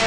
you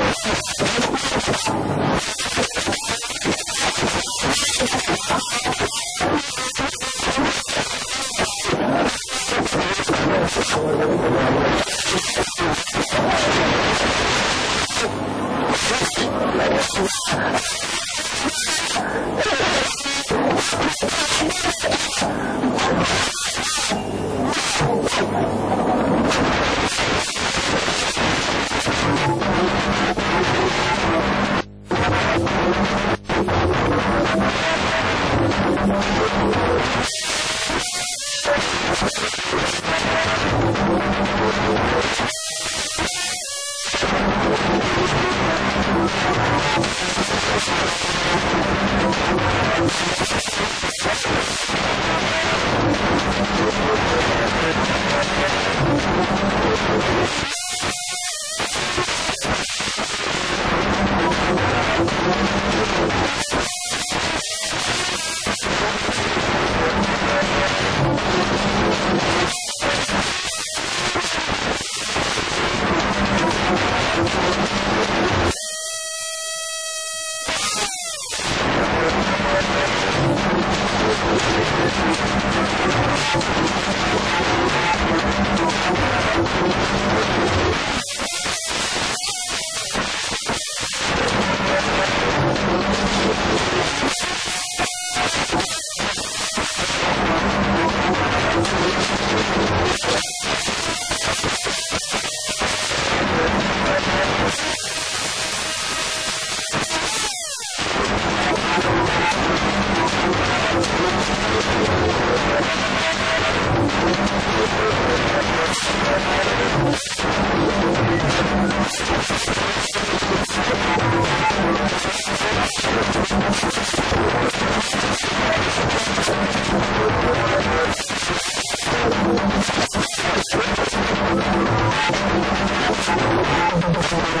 あれ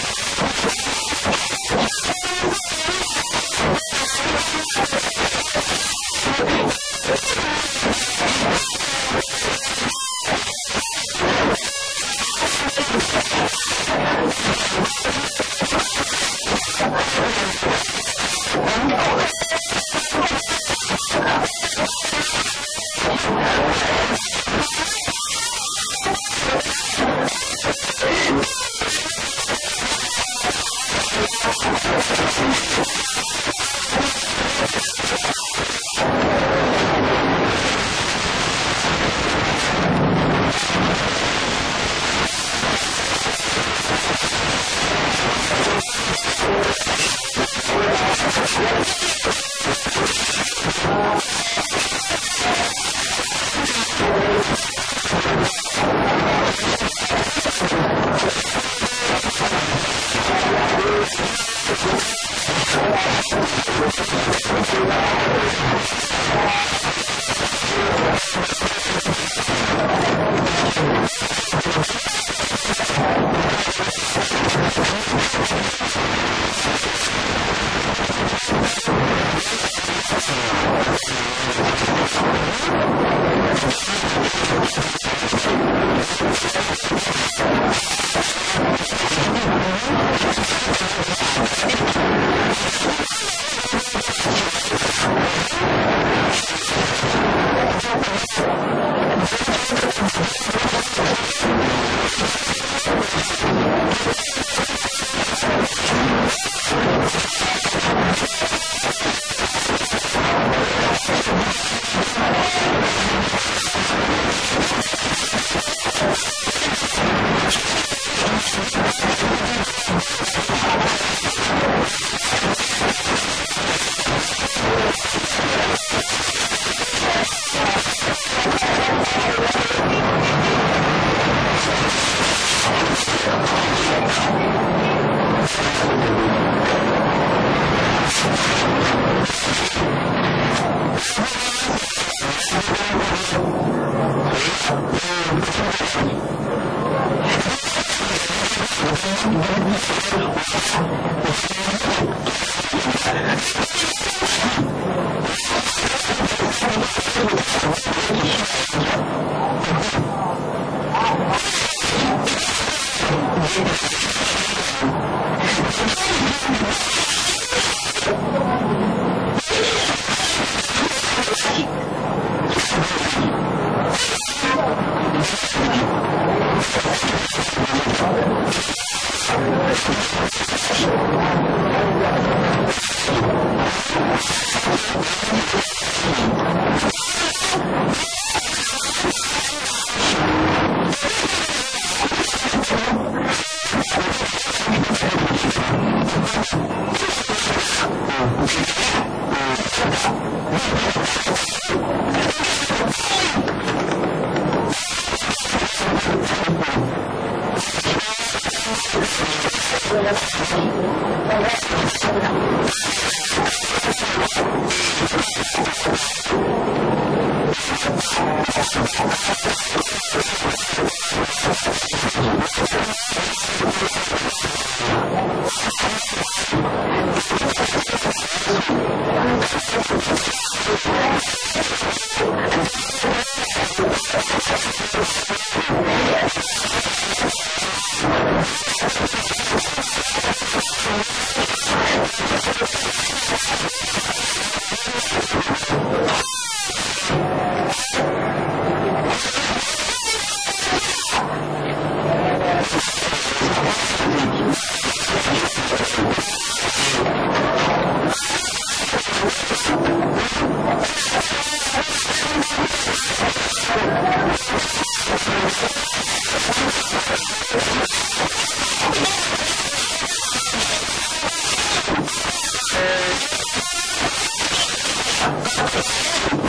Thank you.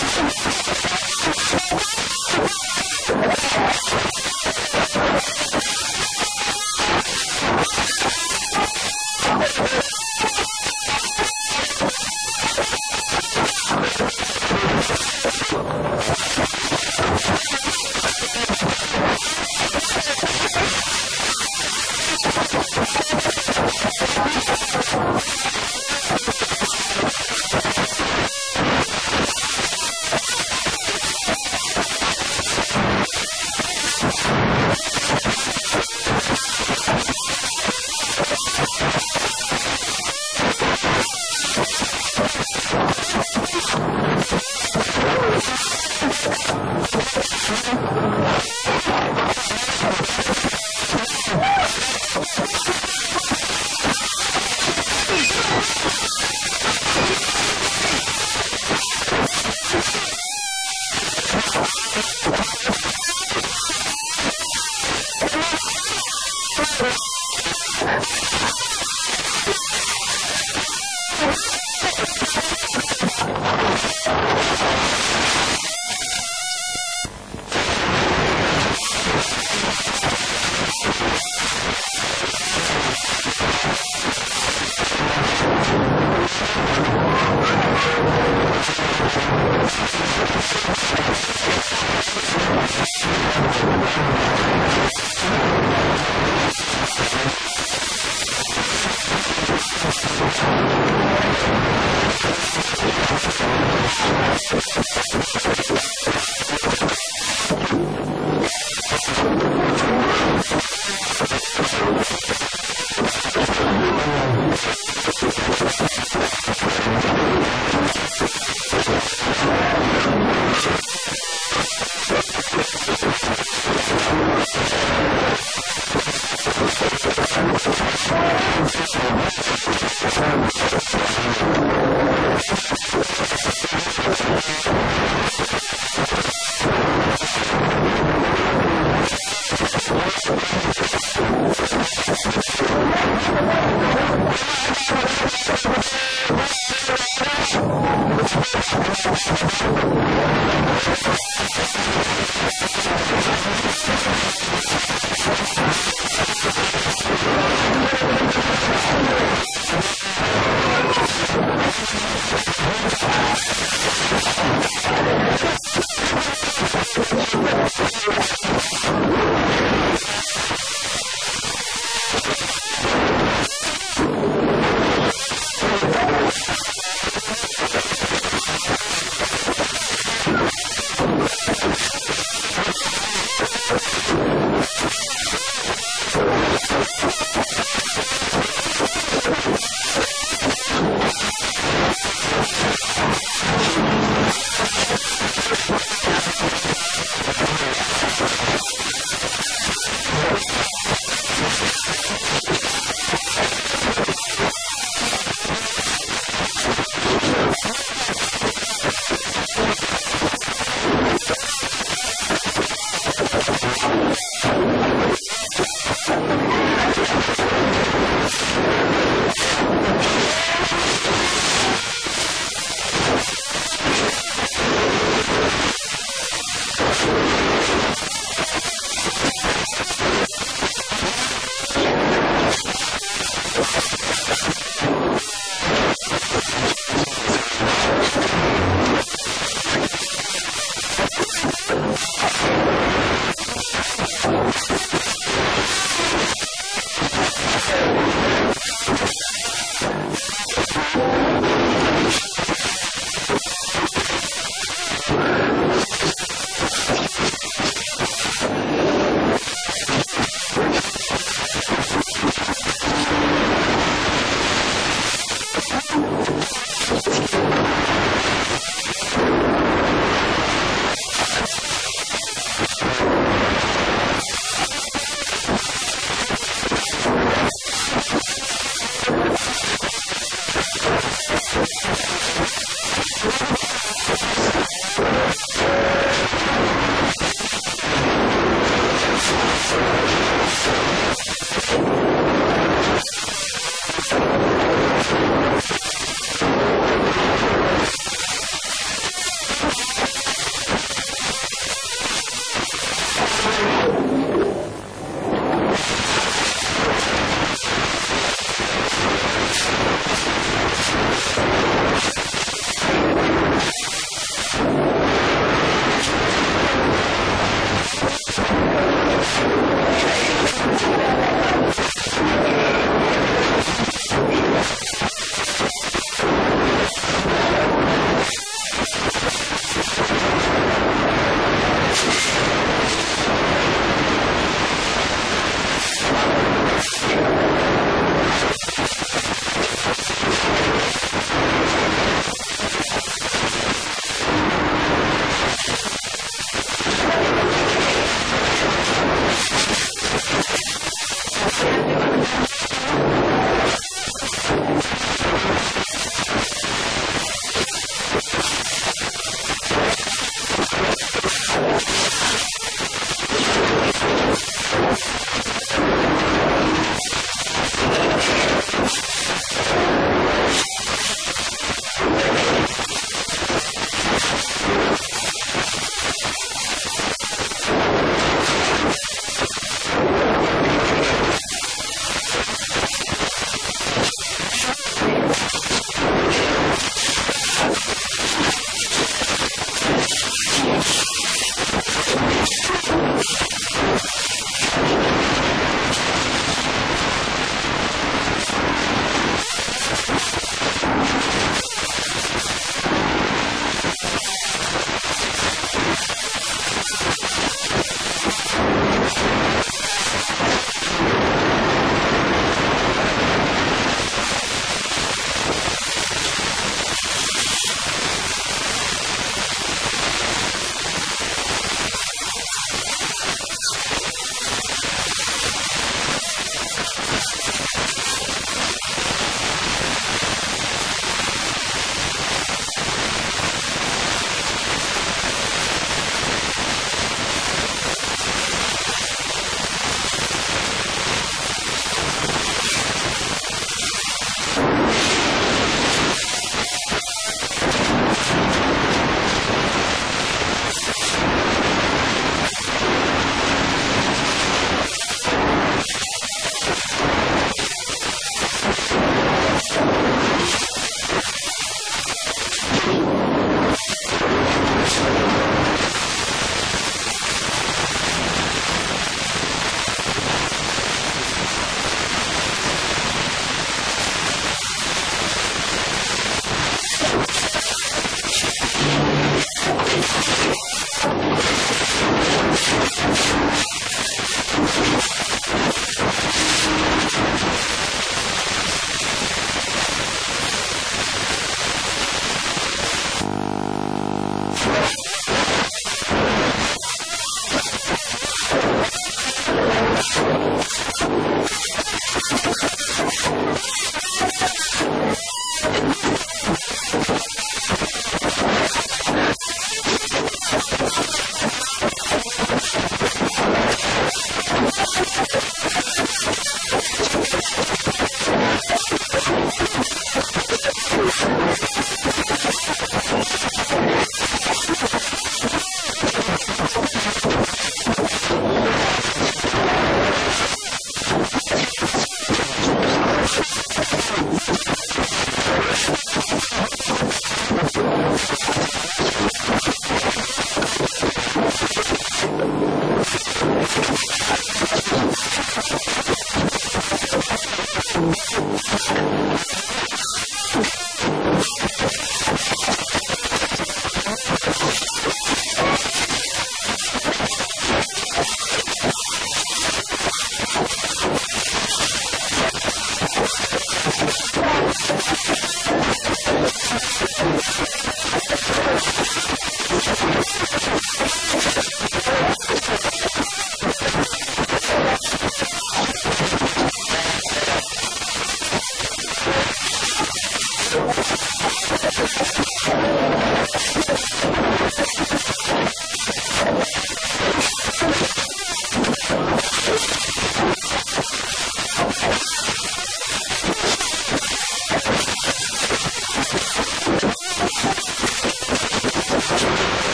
Thank you.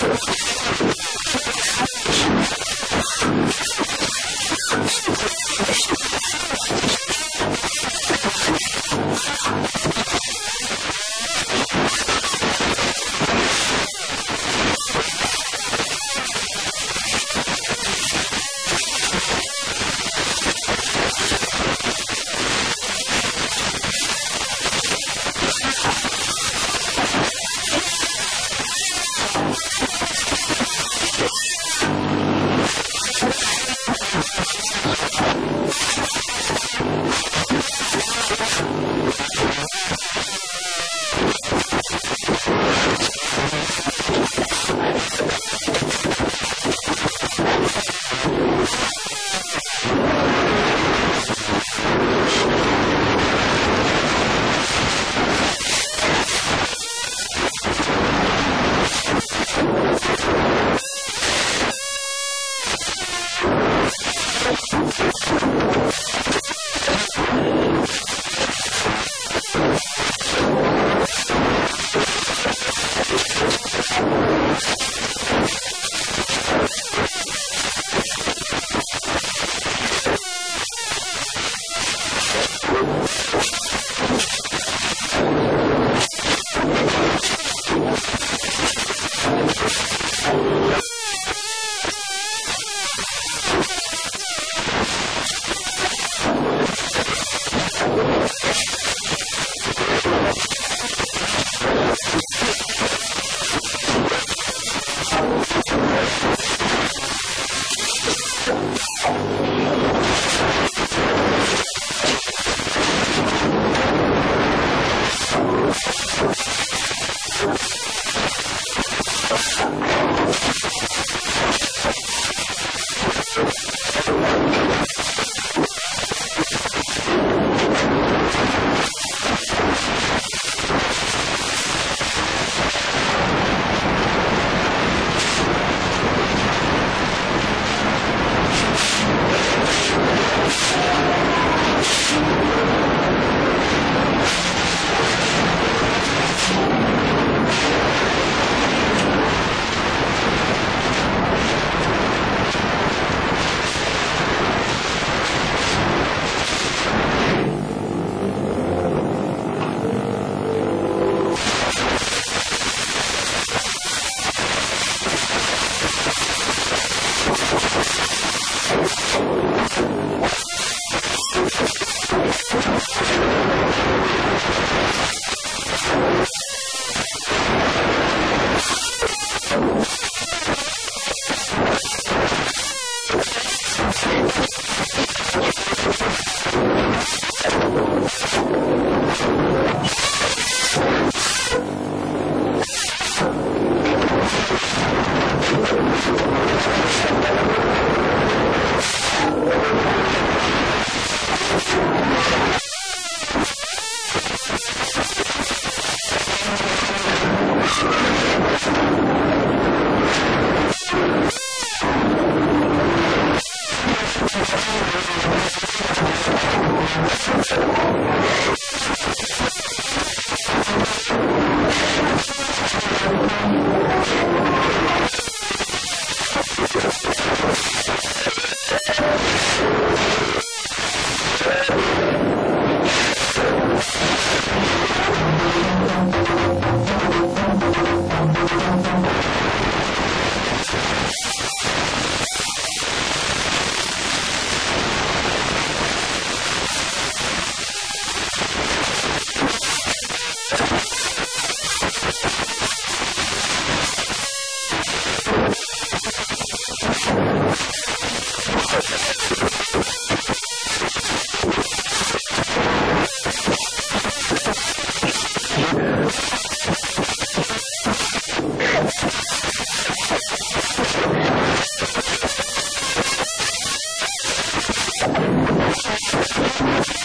Thank you. Thank you.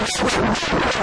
よっしゃ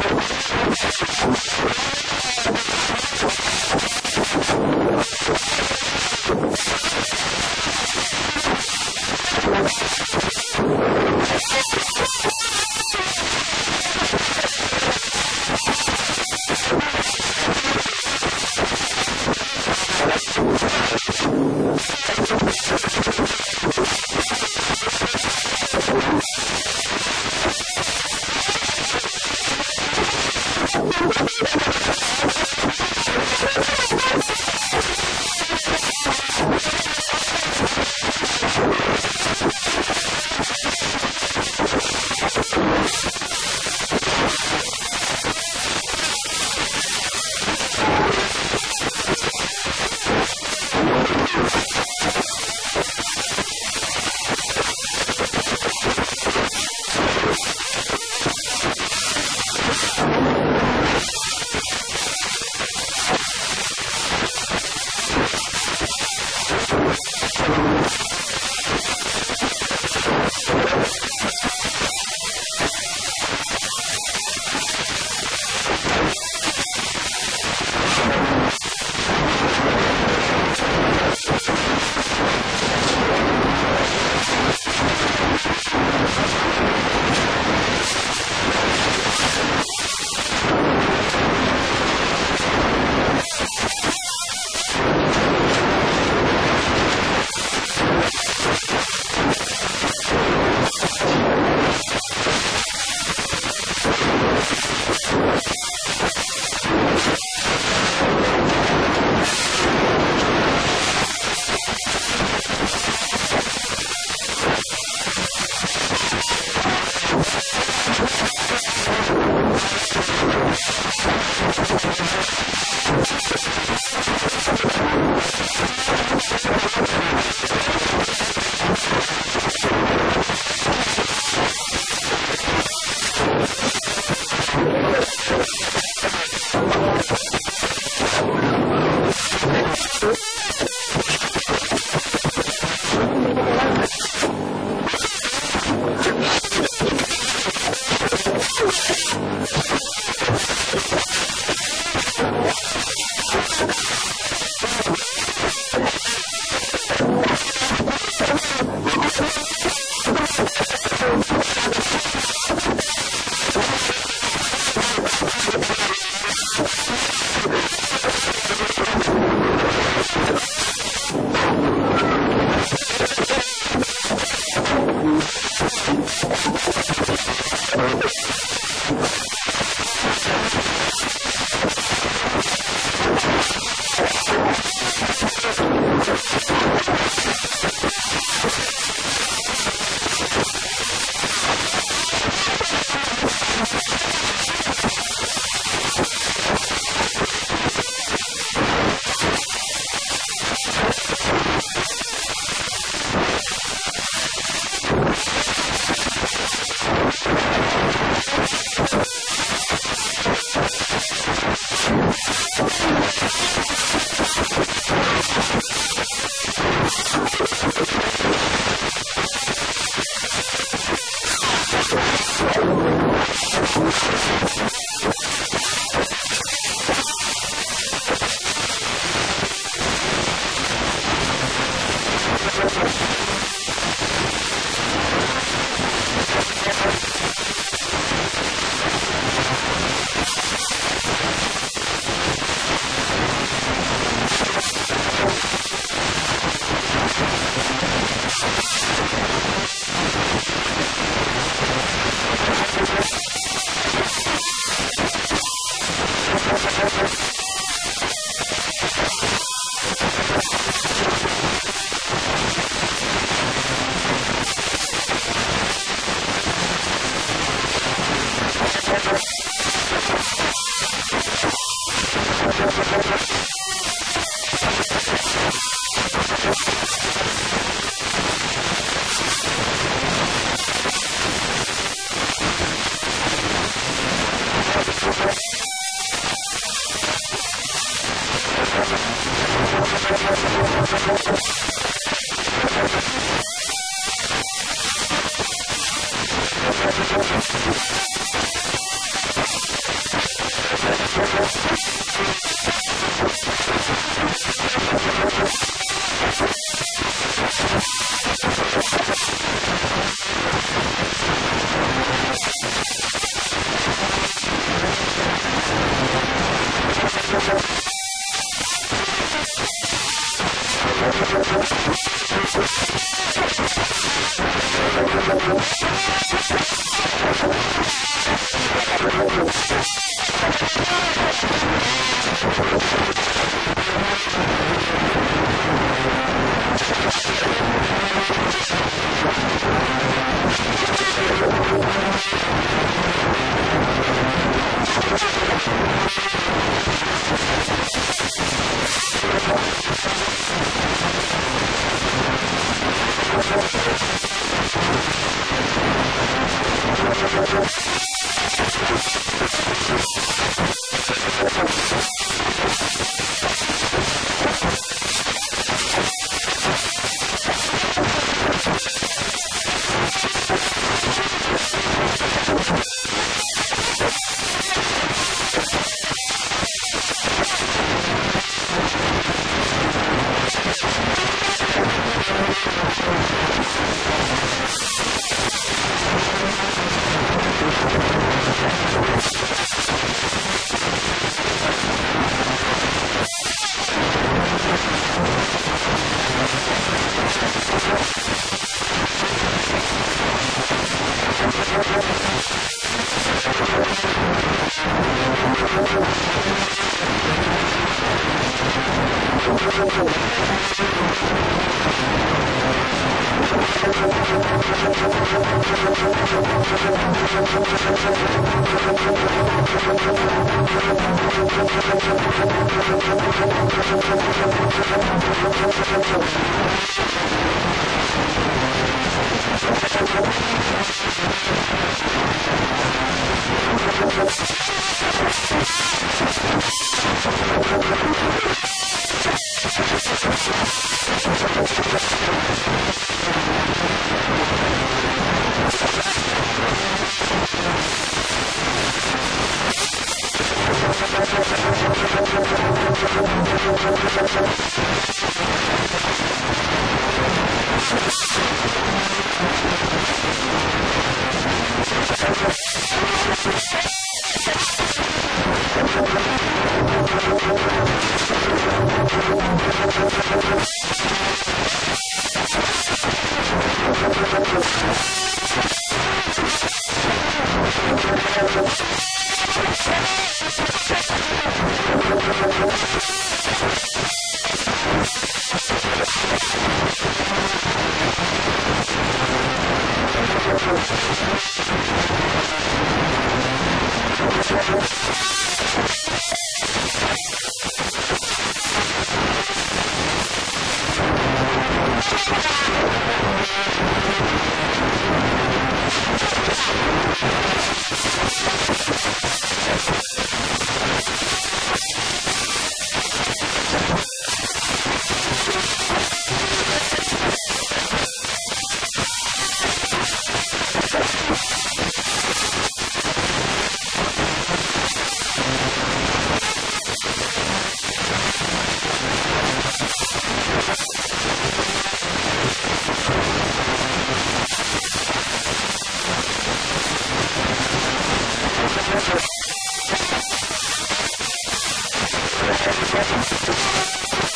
Thank you.